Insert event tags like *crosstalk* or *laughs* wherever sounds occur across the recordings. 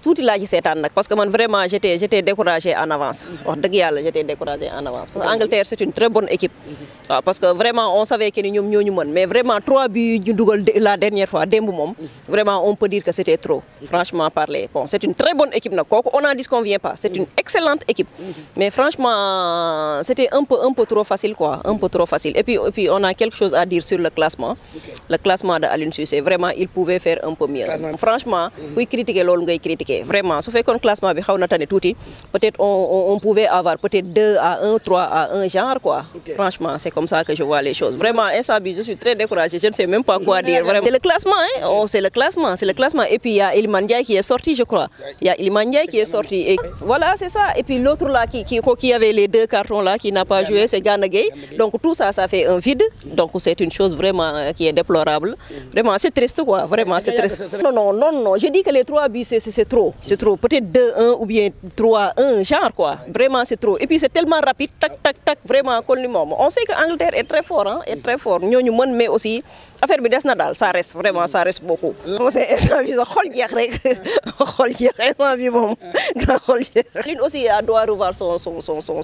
tout laa ci seetaan nak parce que moi vraiment j'étais j'étais découragé en avance wax deug découragé en avance parce que Angleterre c'est une très bonne équipe mhm. parce que vraiment on savait que ni mais vraiment trois buts la dernière fois mhm. vraiment on peut dire que c'était trop franchement parler bon une très bonne équipe On kooku on qu'on disconvient pas c'est une mhm. excellente équipe mais franchement c'était un peu un peu trop facile quoi un peu trop facile et puis et puis on a quelque chose à dire sur le classement le classement de Aliou c'est vraiment il pouvait faire un peu mieux franchement oui critiquer loolu ngay critiquer vraiment ça fait' classement bi tane peut-être on pouvait avoir peut-être 2 à 1, 3 à 1 genre quoi. franchement c'est comme ça que je vois les choses vraiment ça je suis très découragée je ne sais même pas quoi dire c'est le classement hein oh, c'est le classement c'est le classement et puis il y a Ilmandia qui est sorti je crois il y a Ilmandia qui est sorti et voilà c'est ça et puis l'autre là qui qui avait les deux cartons là qui n'a pas joué c'est Gana donc tout ça ça fait un vide donc c'est une chose vraiment euh, qui est déplorable mm. vraiment c'est triste quoi vraiment c'est triste non non non non je dis que les trois buts c'est c'est trop, c'est trop. Peut-être 2-1 ou bien 3-1, genre quoi. Vraiment, c'est trop. Et puis c'est tellement rapide, tac, tac, tac, vraiment, moment. On sait que est très fort, hein, est très fort. Nous, nous, mais aussi, affaire bi des ça reste vraiment ça reste beaucoup. Moi, instant grand xol *laughs* *laughs* aussi doit revoir son son son son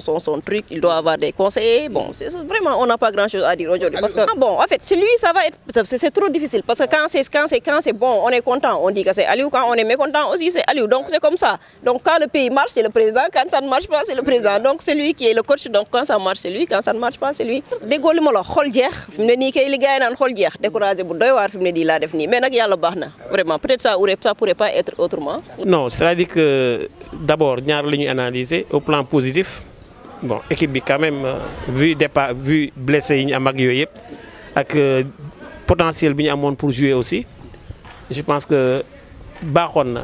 son son truc il doit avoir des conseils. bon vraiment on n'a pas grand chose à dire aujourd'hui parce que ah bon en fait c'est lui ça va être c'est trop difficile parce que quand c'est quand c'est quand c'est bon on est content on dit que c'est Aliou quand on est mécontent aussi c'est Aliou donc c'est comme ça donc quand le pays marche c'est le président quand ça ne marche pas c'est le président donc c'est lui qui est le coach donc quand ça marche c'est lui quand ça ne marche pas c'est lui Dégoûtement là mu ne nii kay li gars yi naan jeex décourager bu doy war fimné di la def ni mais nak yalla baxna vraiment peut-être ça aurait ça pourrait pas être autrement. non c'est-à-dire que d'abord ñaar liñu analyser au plan positif bon équipe bi quand même euh, vu départ vu blessé yi ñu am ak yooyu yëpp ak euh, potentiel bi ñu amoon pour jouer aussi je pense que baaxoon na.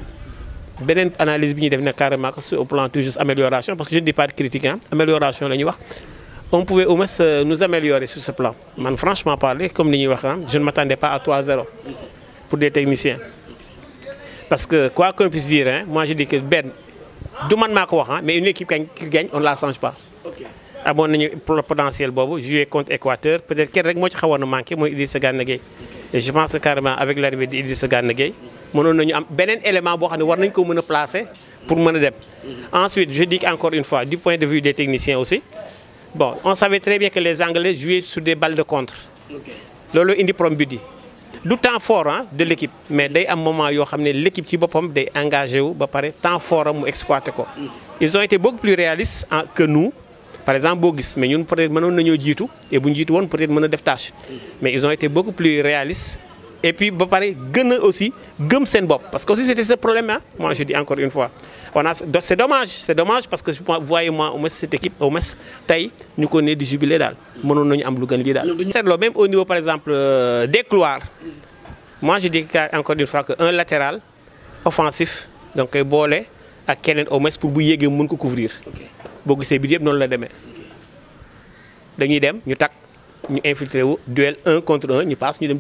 beneen analyse bi ñuy def ne carrément au plan juste amélioration parce que je ne dis pas de critique hein amélioration lañu wax on pouvait au moins euh, nous améliorer sur ce plan. Man, franchement parlé, comme nous hein, je ne m'attendais pas à 3-0 pour des techniciens. Parce que quoi qu'on puisse dire, hein, moi je dis que Ben, demande ma quoi, hein, mais une équipe qui gagne, on ne la change pas. Okay. amoon le potentiel vais jouer contre Équateur peut-être kenn rek moo ci xawoon a manque. Moi, Idrissa Gana et je pense carrément avec l'arrivée de Idrissa nous avons un nañu élément boo nous placer pour mon a mhm. ensuite je dis encore une fois du point de vue des techniciens aussi bon on savait très bien que les Anglais jouaient sur des balles de contre ce indi ont dit. C'est du temps fort hein, de l'équipe. mais day un moment ils ont ne l'équipe qui ci boppam day engagé ba temps fort pour exploiter. Mm. ils ont été beaucoup plus réalistes hein, que nous par exemple Bogis, mais nous peut être pas du tout. et nous ñu jiitu woon peut être mën def tâches, mm. mais ils ont été beaucoup plus réalistes et puis il pareil, aussi gëm sen bopp parce que aussi c'était ce problème là moi je dis encore une fois c'est dommage c'est dommage parce que vous voyez moi au cette équipe au moins tey ñu ko ne jubilé d'al. mënoon C'est am lu gën même au niveau par exemple euh, des couloirs moi je dis encore une fois que un latéral offensif donc un euh, bolé, à ak keneen au moins pour bu yéegee mën ko couvrir boo c'est bi non noonu la demee dañuy dem ñu nous infiltré le duel 1 contre 1, nous passe nous dem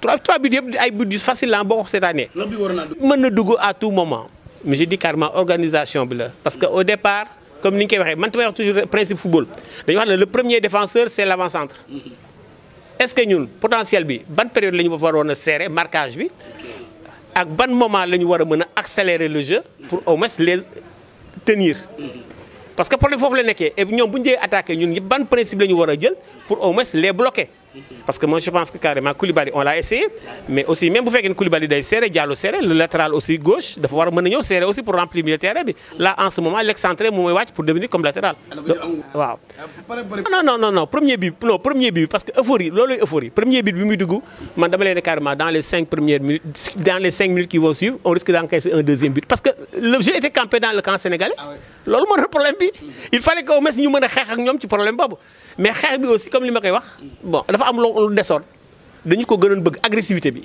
trois trois buts facile cette année. me na pas à tout moment. mais je dis carrément organisation parce qu'au départ comme nous avons toujours le toujours principe football le premier défenseur c'est lavant centre. est ce que nous potentiel bi ban période nous nous marquage bi à ban moment la ñu accélérer le jeu pour au moins les tenir parce que pour les la nekkee et ñoom bu ñu attaquer, attaqué ñun ban principe la ñu jël pour au moins les bloquer parce que moi, je pense que carrément, Koulibaly, on l'a essayé. Mais aussi, même vous faites une Koulibaly d'ailleurs serré, serré, le latéral aussi gauche, il faut voir Menigno serré aussi pour remplir le terrain. Là, en ce moment, l'excentré Moumououach pour devenir comme latéral. Non, non, non, non, premier but, non, premier but, parce que euphorie, l'euphorie, euphorie. Premier but, Bimidougou, madame carrément, dans les 5 premières minutes, dans les 5 minutes qui vont suivre, on risque d'encaisser un deuxième but. Parce que le jeu était campé dans le camp sénégalais. C'est ah le problème. Il fallait qu'on mette nous mener à faire un problème. Mais problème aussi, comme je l'ai dit, bon, dafa am lu desoon dañu ko gënoon bëgg agressivité bi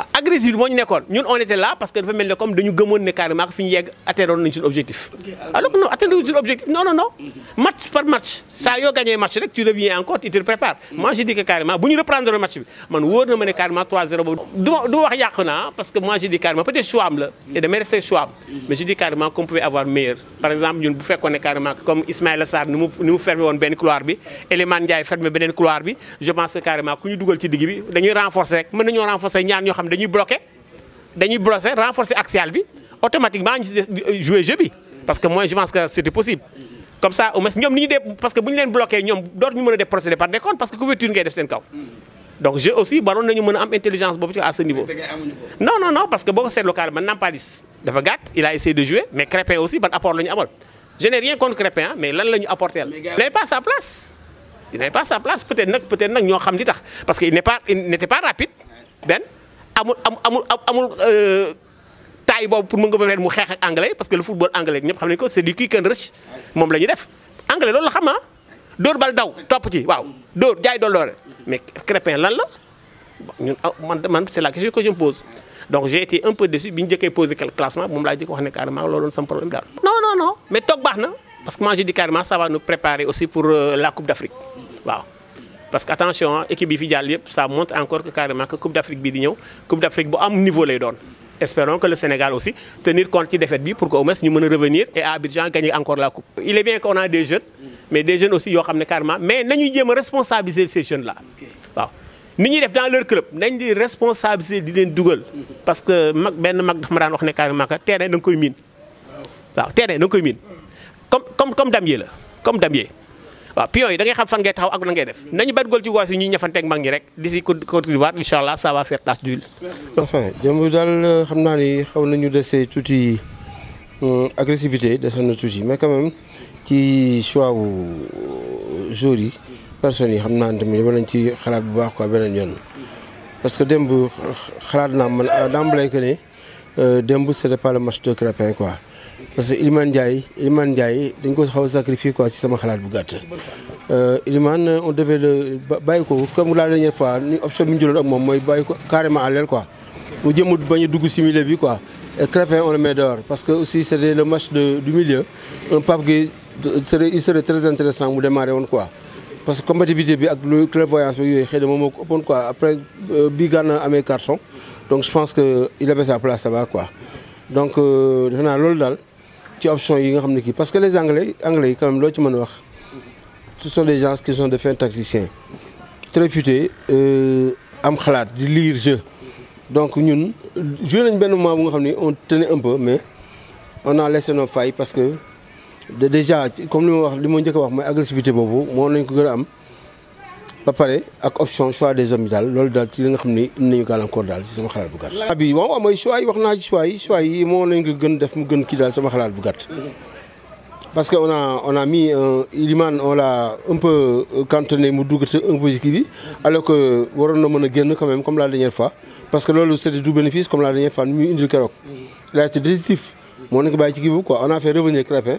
agressif bi moo ñun on était là parce que dafa mel comme dañu gëmoon ne carrément que fi yegg atteindre notre objectif. alors que non atteindre notre objectif non non non. Mhm. match par match saa yoo gagné match rek tu reviens encore tu te prépares. Mhm. moi je dis que carrément bu ñu reprendre match bi man wóor na ne carrément 3-0 boobu. du ma wax parce que moi je dis carrément peut être choix am mhm. et de resté choix mais je dis carrément qu'on pouvait avoir meilleur. par exemple ñun bu fekkoon carrément comme Ismaïla Sarr ni mu ni mu fermé woon benn couloir bi Elimane Ndiaye fermé beneen couloir bi je pense que carrément ku ñu dugal ci digg bi dañuy renforcer rek mën renforcer xam dañuy bloqué dañuy bloquer renforcer axial bi automatiquement euh, jouer jeu bi parce que moi je pense que c'était possible. comme ça parce que nous leen bloqué ñom dootu ñu mëna dé procéder par décompte parce que couverture ngay def sen kaw. donc je aussi baron nañu mëna am intelligence à ce niveau. non non non parce que c'est local, local carrément Paris dafa il a essayé de jouer mais Crépin aussi ban apport lañu amol je n'ai rien contre Crépin hein, mais lan lañu apporté il n'avait pas sa place. il n'est pas sa place peut-être que peut-être dit ça. parce qu'il n'est pas n'était pas rapide Ben. amul amul amul euh, taay boobu pour mu nga leen mu xeex ak anglais parce que le football anglais ñëpp xam nañ ko c'est du kick and rush la ñuy def anglais loolu la ah. bal daw topp ci waaw door jaay doole mais Crépin lan la ñun ah, man man c'est la question que je me pose donc j'ai été un peu déçu bi ñu jëkkee posé classement moom laa jëkk wax ne carrément loolu sama problème daal. non non mais toog baax na parce que moi je dis carrément ça va préparer aussi pour euh, la parce que attention hein, équipe bi ça montre encore que carrément que coupe d'Afrique Afrique bi coupe d'Afrique bu niveau lay doon. espérons que le Sénégal aussi tenir compte ci défaite pour que au moins ñu revenir et à Abidjan gagner encore la coupe. il est bien qu'on a des jeunes mais des jeunes aussi qui ont des carrément mais nous devons responsabiliser ces jeunes là waaw. ni def dans leur club nañ di responsabiliser di leen parce que mag Ben mag dafa ma daan carrément terrain da nga min. terrain da comme comme comme Damier comme Damier. waaw pion yi da ngay xam fan ngay taxaw ak la ngay def nañu bat gol ci waas yi ñuy ñafanteeg mag ñi rek d'ici Côte d'Ivoire incha allah ça va faire tache d'huile. enfin jëmm daal euh, xam naa ni xaw nañu dese tuuti euh, agressivité dese na tuuti mais quand même ci choix wu euh, joueurs yi personnes yi xam naa tamit war nañ ci xalaat bu baax quoi beneen yoon. parce que démb xalaat naa man d'emblée que ne démb c'était pas le match quoi. parce que Iliman Ndiaye Iliman Ndiaye dañ ko xaw a quoi ci sama xalaat bu gàtt. Euh, Iliman on devait le bàyyi quoi, comme la dernière fois ni option bi ñu jëloon ak moom mooy bàyyi carrément à quoi. mu jéem nous bañ a dugg si milieu bi quoi et Crépin on le met dehors parce que aussi c'était le match de du milieu un Pape qui serait il serait très intéressant mu démarrer woon quoi. parce que comme bi ak le clairvoyance bi il xëy na moom moo quoi après euh, Bigan Gana mes carton donc je pense que il avait sa place là-bas quoi donc euh, defe naa loolu daal parce que les anglais anglais comme quand même ce sont des gens qui sont des fins tacticiens très futés euh, am ont de lire jeu donc nous, je ne sais moment bu on tenait un peu mais on a laissé nos failles parce que déjà comme nous l'ai dit, l'agressivité est agressivité parler avec option choix des hommes yi daal loolu ci nga xamni ne am encore dal ci sama xalaat bu gàtt. abi bi waaw moy choix yi wax ci choix yi choix yi mo lañ ko gën def mu gën ki dal sama xalaat bu gàtt. parce que on a on a mis un Iliman on l'a un peu euh, cantonné mu dugg ci un peu ici bi alors que waron na mën gën quand même comme la dernière fois parce que loolu c'était du bénéfice comme la dernière fois nu muy indil là il a été décisif mo nekk bay ci kii quoi on a fait revenir Crépin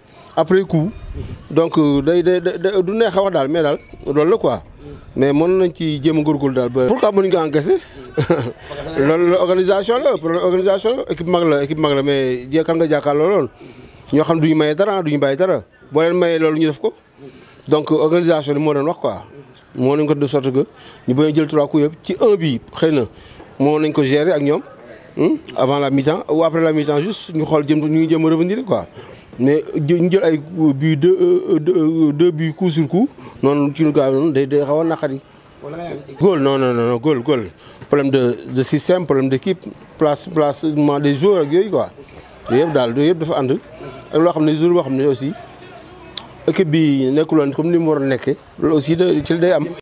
après coup donc on euh, day mais quoi mais mon nañ ci a pourquoi l'équipe ko l'équipe *laughs* l'organisation, la organisation là. qui équipe mais kan nga jàkkaarloo loolu ñoo xam pas maye dara dara donc organisation bi moo quoi. ko de sorte que ñu trois coups un bi on gérer hmm, avant la mi-temps ou après la mi-temps juste nous allons ñu revenir quoi mais ñu jël ay buts deux euh, euh, deux euh, buts coup sur coup non tu lu gaaw des des day xaw goal non non non goal goal problème de de système problème d'équipe place placement des joueurs quoi il quoi a yëpp daal yooyu yëpp dafa ànd ak loo xam ne jour boo comme nous aussi équipe bi nekkuloon comme ni mu war a aussi de ci day am.